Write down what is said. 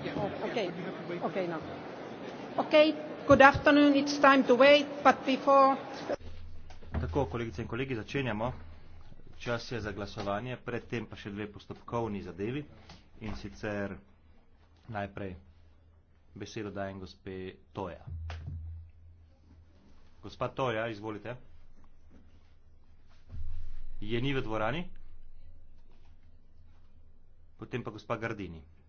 Okay. Okay. Okay. Now. Okay. Good afternoon. It's time to wait, but before. Tako, kolegice in kolegi, začenjamo. Čas je za glasovanje, predtem pa še dve postopkovni zadevi. In sicer najprej besedo dajem gospe Toja. Gospa Toja, izvolite. Je ni v dvorani? Potem pa gospa Gardini.